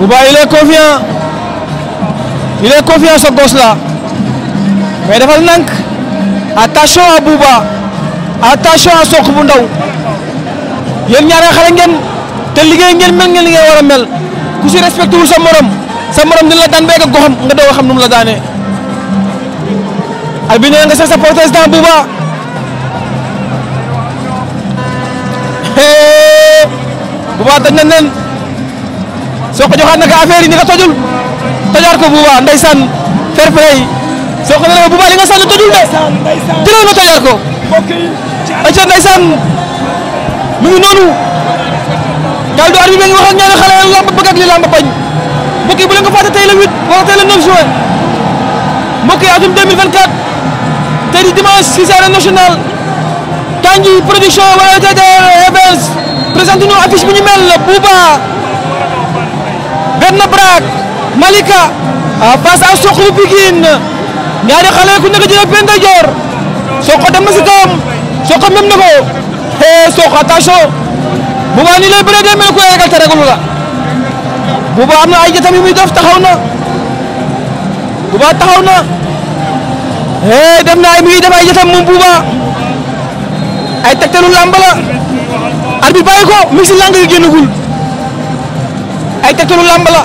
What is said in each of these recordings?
Bouba il est confiant il est confiant ce gosse nank attention à Bouba attention à Sokh bu ndaw yéen ñaare xale ngeen te liggéey ngeen mel ngeen li ngeen war mel ku si respecté wul sa morom sa morom dina la daan béy ak goxam nga doog xam nu mu la daanee. al bi nee nga sa sa protège dans Bouba Bouba dañ Sokh joxaat na ko affaire yi ni nga tojul tojaat ko Bouba ndeysaan fair play Sokh ne la Bouba li nga sànni tojul de jëlal ma tojaat ko ayca ndeysaan mu ngi noonu daal du arbi bi ngi wax ak li lamb bañ mbokk yi bu leen ko fàtte wala tey le 9 juin mbokk yi atum 2024 tey di dimanche ci arène nationale Kandji wala TDR Events présente nous affiche bi daan na Braak Malika face ah, à Sokh bu Pikine ñaari xale ku nekk jël benn joor Sokh dem na si kawam Sokh même na ko eh Sokh attention bu baax nii lay bëree dee mel ko yegal am na ay jotam yu muy def taxaw na bu baax taxaw na eh dem na ay muy def ay jotam moom bu ay tegtalu làmb la ko mi si làng yi génnagul. baatulu lamb la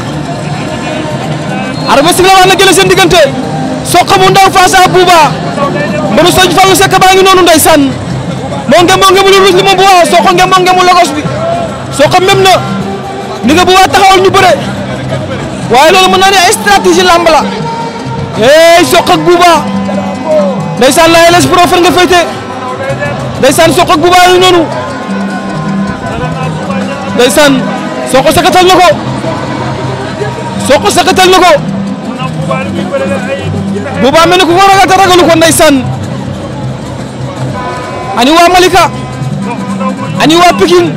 arbitre la wax na gële seen diggante Sokh bu ndaw face à Bouba mbëru soj fallu sekk baa ngi noonu ndeysaan moo ngem moo ngemu lu ruus li mu Bouba Sokh ngem moo ngemu logos bi Sokh même na ni nga Bouba taxawal ñu bëre waaye loolu mën naa ne stratégie lamb la hey Sokh ak la LS Pro fër nga féete ndeysaan Sokh ak Bouba ngi noonu ndeysaan Sokh sekatal na ko Sokh sakatal na ko Bouba mel ni ku ko ragal te ragalu ko ani waa Malika ani waa Pikine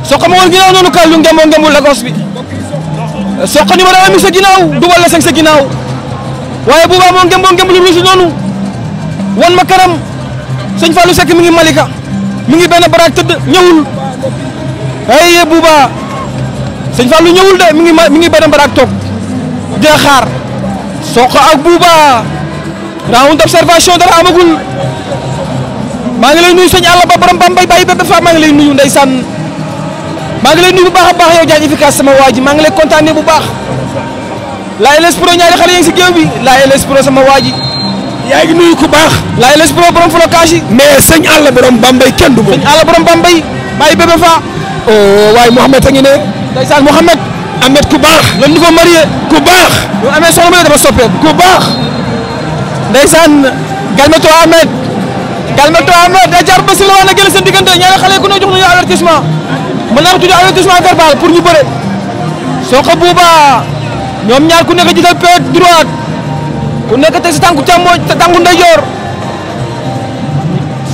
Sokh ma woon noonu kàl lu ngemboo Lagos bi Sokh numéro un mi sa ginnaaw dubal la seng sa ginnaaw waaye Bouba moo ngemboo ngembul lu noonu wan ma karam sëñ Fallou Seck mi ngi Malika mi ngi benn ñëwul ay Bouba sëñ Fallou ñëwul de mi ngi mi ngi benn baraak toog di xaar Sokh ak Bouba round d'observation dara amagul maa ngi lay nuyu sëñ Alla ba borom Bambey bàyyi bépp fa maa ngi lay nuyu ndeysaan maa ngi lay nuyu bu baax a baax yow Diagne efficace sama waa ji maa ngi lay kontaanee bu baax Laye Les Pro ñaari xale yi ngi si géew bi Laye Les sama waa ji. nuyu ku baax. Laye Les Pro borom flocage yi. mais sëñ Alla borom Bambey kenn du moom. sëñ Alla borom Bambey bàyyi bépp fa. waaye ndeysaan Mouhamed Ahmed ku baax lan ñu ko marié ku baax bu amee soxna ma dafa soppeeku ku baax ndeysaan calme-toi Ahmed calme-toi Ahmed da jar ba si la wax na gën a seen diggante ñaari xale ku ne jox nañu avertissement mën naa ko tuddee avertissement verbal pour ñu bëre Sokh Bouba ñoom ñaar ku nekk jiital pied droit ku nekk teg si tànku càmmooñ tànku ndeyjoor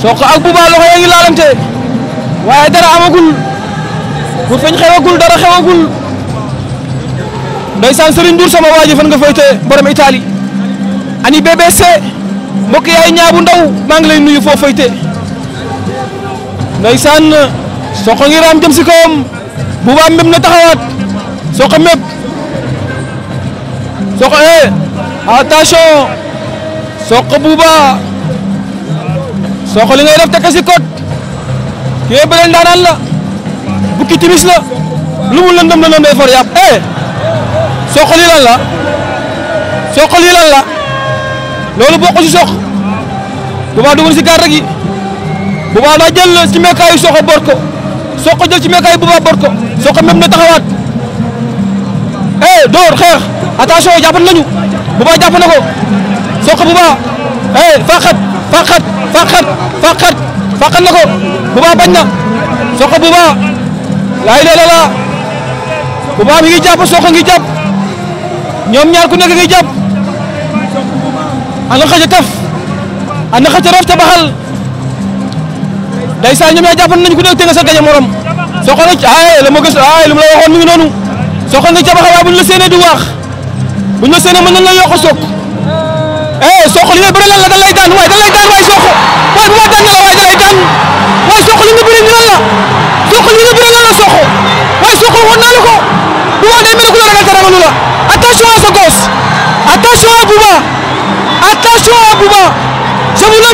Sokh ak Bouba loxo yaa ngi laalante waaye dara amagul pour fañ xewagul dara xewagul ndeysaan Serigne Ndour sama waa fan nga fay te borom Italie ani BBC mbokk yaay ñaabu ndaw maa ngi lay nuyu foo fay te ndeysaan soxo ngi raam jëm si kawam bu baax mbéb na taxawaat soxo méb soxo eh attention soxo bu baax soxo li ngay def teg si kot kii yëpp beneen daanaan la. bukki timis la lu mu lëndëm la lëndëm for yàpp eh soqal yi lan la soqal yi lan la loolu bokku ci soq bu baax dugg si gàr rek yi bu baax daa jël ci meekaayu soq bor ko soq jël ci meekaayu bu baax bor ko soq même na taxawaat eh door xeex attention jàppoon nañu bu baax jàpp na ko soq bu baax eh faqat faqat faqat faqat faqat na ko bu baax bañ na soq bu baax. laay la la Bouba mi ngi jàpp Sokh ngi jàpp ñoom ñaar ku nekk ngi jàpp ana xaca taf ana xaca roof ca baxal day saa ñoom ñaar jàpp nañ ku nekk te nga sa gañe morom Sokh na ay la ma gis la waxoon mi ngi noonu Sokh nga ca baxal waaye bu ñu la séenee du waax bu ñu la séenee mën nañ la yokk a Sokh eh li ngay bëre lan la da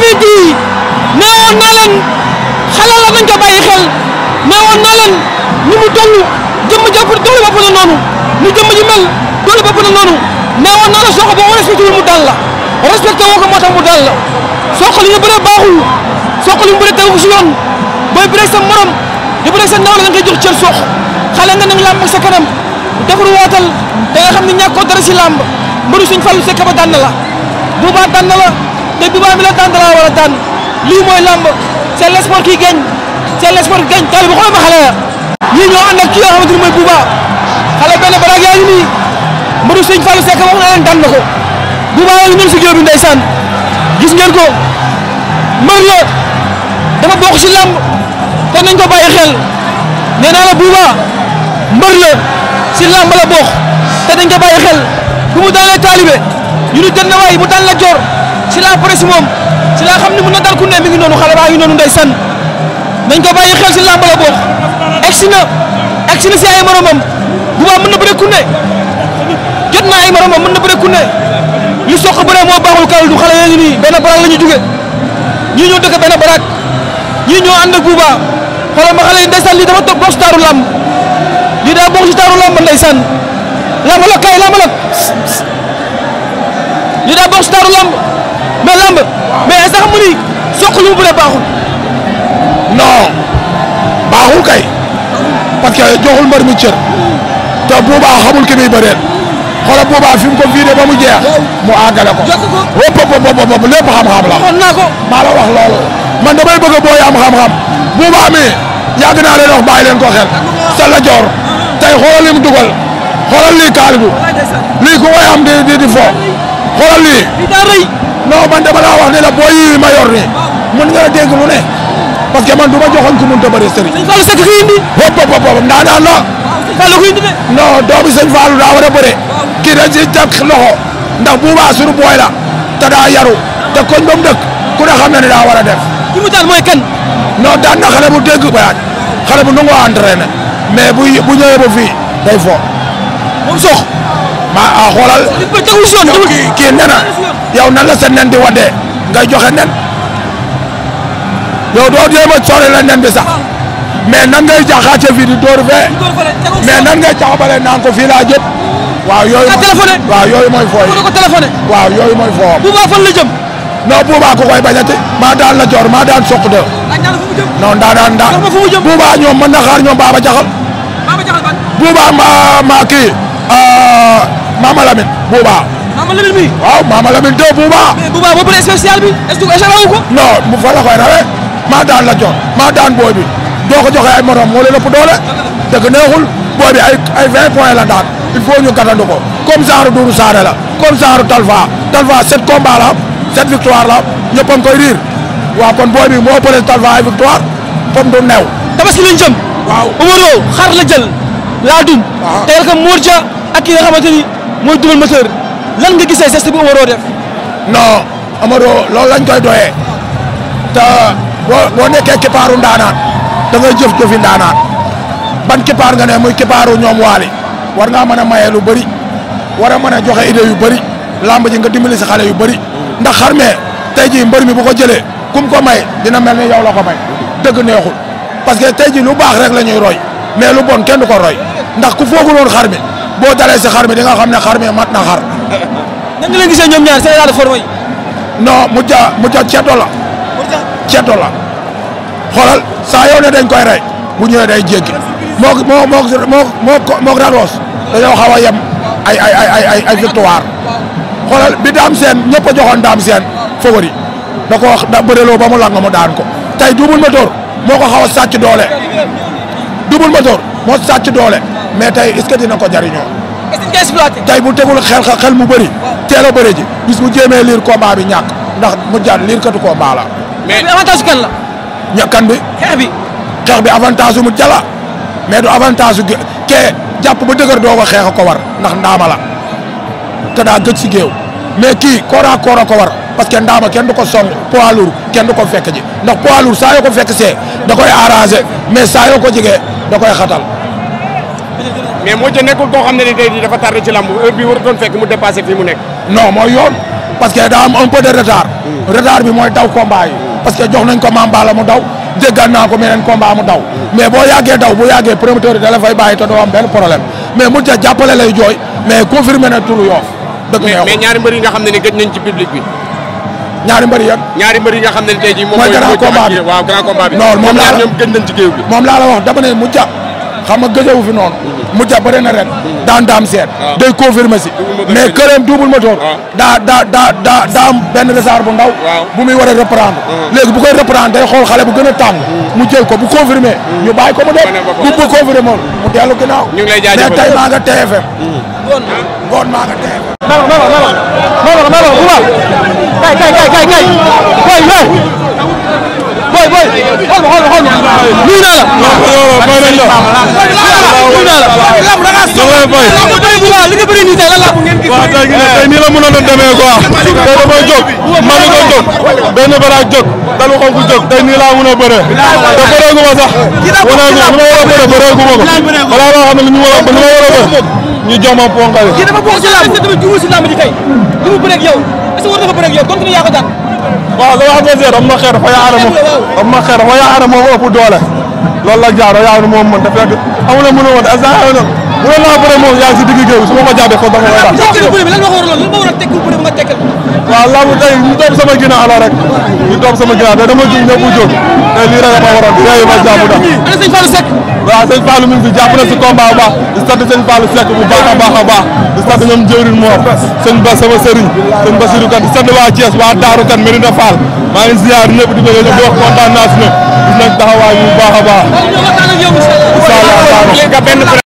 nit yi nee woon naa leen xale la nañ ko bàyyi xel nee woon naa leen ni mu toll jëmm jàpp doole bopp la noonu ni jëmm ji mel doole noonu nee naa la soo boo respecté wul mu dal la respecté ko moo tax mu dal la soo li ñu bëree baaxul soo li ñu bëree tegu ko si yoon booy bëree sa morom di sa naaw la nga koy jox cër soox xale nga nag làmb ak sa kanam defaru waatal da nga xam ne ñàkkoo dara si làmb mbëru suñ fàllu sekk ba dànn la la te Dubaay mi la tànn laa war a lii mooy lamb c'est l'espoir qui gagne c'est l'espoir qui gagne taalibe xoolal ma xale ya ñii ñoo ànd ak kii nga xamante ni mooy Bouba xale benn baraag yaa nii Modou Sëñ Fallou Seck wax leen daan na ko Bouba yaa ngi si géew bi ndeysaan gis ngeen ko mbër la dafa bokk si lamb te nañ ko bàyyi xel nee naa la Bouba mbër la si lamb la bokk te nañ ko bàyyi xel bu mu daanee taalibe ñu ne jënd waay mu daan la joor. ci laa pare si moom ci laa xam ne mën na dal ku ne mi ngi noonu xale noonu ndeysaan nañ ko bàyyi xel si làmb la bokk na egsi na si ay moromam bu baax na bëre ku ne jot naa ay moromam mën na bëre ku ne li soq bëree moo baaxul kawul du xale yaa ngi nii benn baraak la ñu jóge ñii ñoo dëkk benn ñii ñoo ànd ak Bouba ma xale yi ndeysaan lii dafa toog si taaru làmb lii daa bokk si taaru làmb ndeysaan làmb la kay làmb la lii daa bokk si taaru làmb mais lamb mais sax mu ni soq lu mu bëree baaxul. non baaxul kay parce joxul mbër mi cër te boobaa xamul ki muy bëreel xoolal boobaa fi mu ko vidé ba mu jeex mu àggale ko. jokk ko wóob bopp bopp lépp xam-xam ko maa la wax loolu. man damay bëgg booy am xam-xam boobaa mi yàgg naa leen wax bàyyi leen ko xel sa la joor tey xoolal li mu dugal xoolal lii kaaligu lii ku koy am di fo xoolal lii. non man da laa wax ne la booy yi ma yor ne mën nga la dégg ne parce que man du ma joxoon ku mënut a bëri sëriñ. sëñ Fallou Seck ku indi. hop hop hop ndaa doomu sëñ daa war a bëre. kii dañ loxo ndax bu baax suñu booy la te daa yaru te koñ ba mu dëkk ku ne xam na ne daa war a def. ki mu daan mooy kan. non daan xale bu dégg bayaat xale bu nangoo entraîné mais bu bu ñëwee ba fii day fo. moom sox. ma a ah, xoolal. tegu kii kii na yow nan la sa di waddee ngay joxe nen doo jéem a sori la nen bi sax mais nan ngay jaxaate fii di dóor fee mais nan ngay caxabale naan ko fii laa jëm. waaw yooyu waaw yooyu mooy fooy. waaw yooyu mooy fooy. bu baax la jëm. non buubaa ku koy bañati maa daan la joor maa daan soq de non daa daan daa ñoom mën na xaar ñoom baaba jaxal buubaa ma kii ah, Mama Lamine Bouba. Mama Lamine mi waaw Mama Lamine de Bouba. mais bi est-ce que mu fa koy rawee maa daan la jox maa daan booy bi doo ko joxe ay morom moo doole dëgg neexul booy ay ay vingt points la daan ko comme genre Doudou Sané la comme genre Talfa Talfa sept combats la sept victoire la ñëpp a ngi koy riir waaw kon booy bi moo paree Talfa ay victoire comme du neew. tabaski lañ jëm. waaw Omaro xar la jël laa dun. waaw mooy dugal moteur lan nga gisee geste bi Omaro def. non Omaro loolu lañ koy doyee te boo boo nekkee kippaaru ndaanaan da ngay jëf jëfi ndaanaan ban kippaar nga ne muy kippaaru ñoom waali war ngaa mën a maye lu bëri war a mën a joxe idée yu bëri làmb ji nga dimbali si xale yu bëri ndax xarmee te ji mbër mi bu ko jëlee kum ko may dina mel ni yow la may dëgg neexul parce que tey jii lu baax rek la ñuy roy mais lu bon kenn du ko roy ndax ku foogul xar mi boo dalee si xar mi di nga xam ne xar mi mat na xar. nan nga leen ñoom ñaar seen état de forme mu ja mu ja ceddo la. ceddo la xoolal saa yow ne dañ koy bu ñëwee day jéggi moo moo moo moo moo ko raroos dañoo xaw a yem ay ay ay ay ay victoire xoolal bi daam seen ñëpp a joxoon daam seen favori da ko wax da bëreloo ba mu lang mu daan ko tay double moteur moo ko xaw a sàcc doole double moteur moo sàcc doole. mais tey est-ce que dina ko jariñoo tey bu tegul xel xel mu bëri teel a bëri ji bis bu jéemee liir combat bi ñàkk ndax mu jaan liir ko combat la mais avantage kan la ñàkkan bi bi xeex bi avantage mu jala mais du avantage kee jàpp bu dëgër doo ko xeex a ko war ndax ndaama la te daa gëj si géew mais kii koora koora ko war parce que ndaama kenn du ko song poids lourd kenn du ko fekk ji ndax poids saa yoo ko fekk see da koy arrangé mais saa yoo ko jegee da koy xatal mais moo ca nekkul koo xam ne ni tey jii dafa tardé ci lamb heure bi warutoon fekk mu dépassé fii mu nekk. non mooy yoon parce que daa am un peu de hmm. bi mooy daw combat yi. Hmm. parce que jox nañ ko Mambala mu daw jéggaan naa ko meneen combat mu daw. Hmm. mais boo yàggee daw bu yàggee promoteur yi da la fay te doo am benn problème mais mu ca jàppale jooy mais confirmé na turu Yoff. dëgg mais mais ñaari mbër yi ne ni gëj nañ ci public bi. ñaari mbëri yan xam nga gëjëwu fi noonu. mu jàpp bëri na ren. daan daam seet. Ah. day confirmer si. mais këram double moteur. Ah. daa daa daa daa daa am benn retard bu ndaw. bu muy war a reprendre. Ah. léegi bu koy reprendre day xool xale bu gën a tàng. mu jël ko bu confirmer hmm. ñu bàyyi ko mu dem bu bu confirmer moom mu dellu ginnaaw. ñu ngi lay jaajëfal mais tey maa nga TFM. ngoon ngoon maa nga TFM. melo melo melo melo kay kay kay. nuyu naa la. li nga bëri nii tey lan la ngeen gis. waaw tey tey nii la mënoon a demee quoi tey dafay jóg man ko jóg benn baraag jóg dalu ko ku jóg tey nii laa mën a bëree. te bëree gu ma sax. wane ni ma war a bëree bëree gu ma ko. balaa loo xam ne ni mu war a ni ma war a bëree ñu jox ma ponkal. kii dafa bokk ci làmb. li mu bëreeg yow est-ce que war na ko bëreeg yow continue yaa ko daan waaw da wax nga am na xeer dafa yaa aadama am na xeer dafa yaa aadama moo ëpp doole loolu la jaar yaa aadama moo mën dafa fekk amul a mën a woon bu doon naa bëre moom yaa ngi si digg géew su ma ko jàppee kon da nga koy daan. lan nga ko waraloon lan nga war a tekkil bëre ba nga tekkal. waaw laamu tey ñu doom sama ginnaaw la rek ñu doom sama ginnaaw te dama ji ñëpp jóg te lii rek a ma waral tey ma jàpp ndax. ana sëñ Fallou Seck. waaw sëñ Fallou mi ngi fi jàpp na si combat bu baax di sant sëñ Fallou Seck bu baax a baax a baax di sant ñoom jëwrin moom sëñ Ba sama sëriñ sëñ Basirou Kane di sant waa Thiès waa Daaru Kane Medina Fall maa ngi ziar ñëpp di bëgg ñëpp di wax kontaan naa si ñoom gis nañ taxawaay bu baax a baax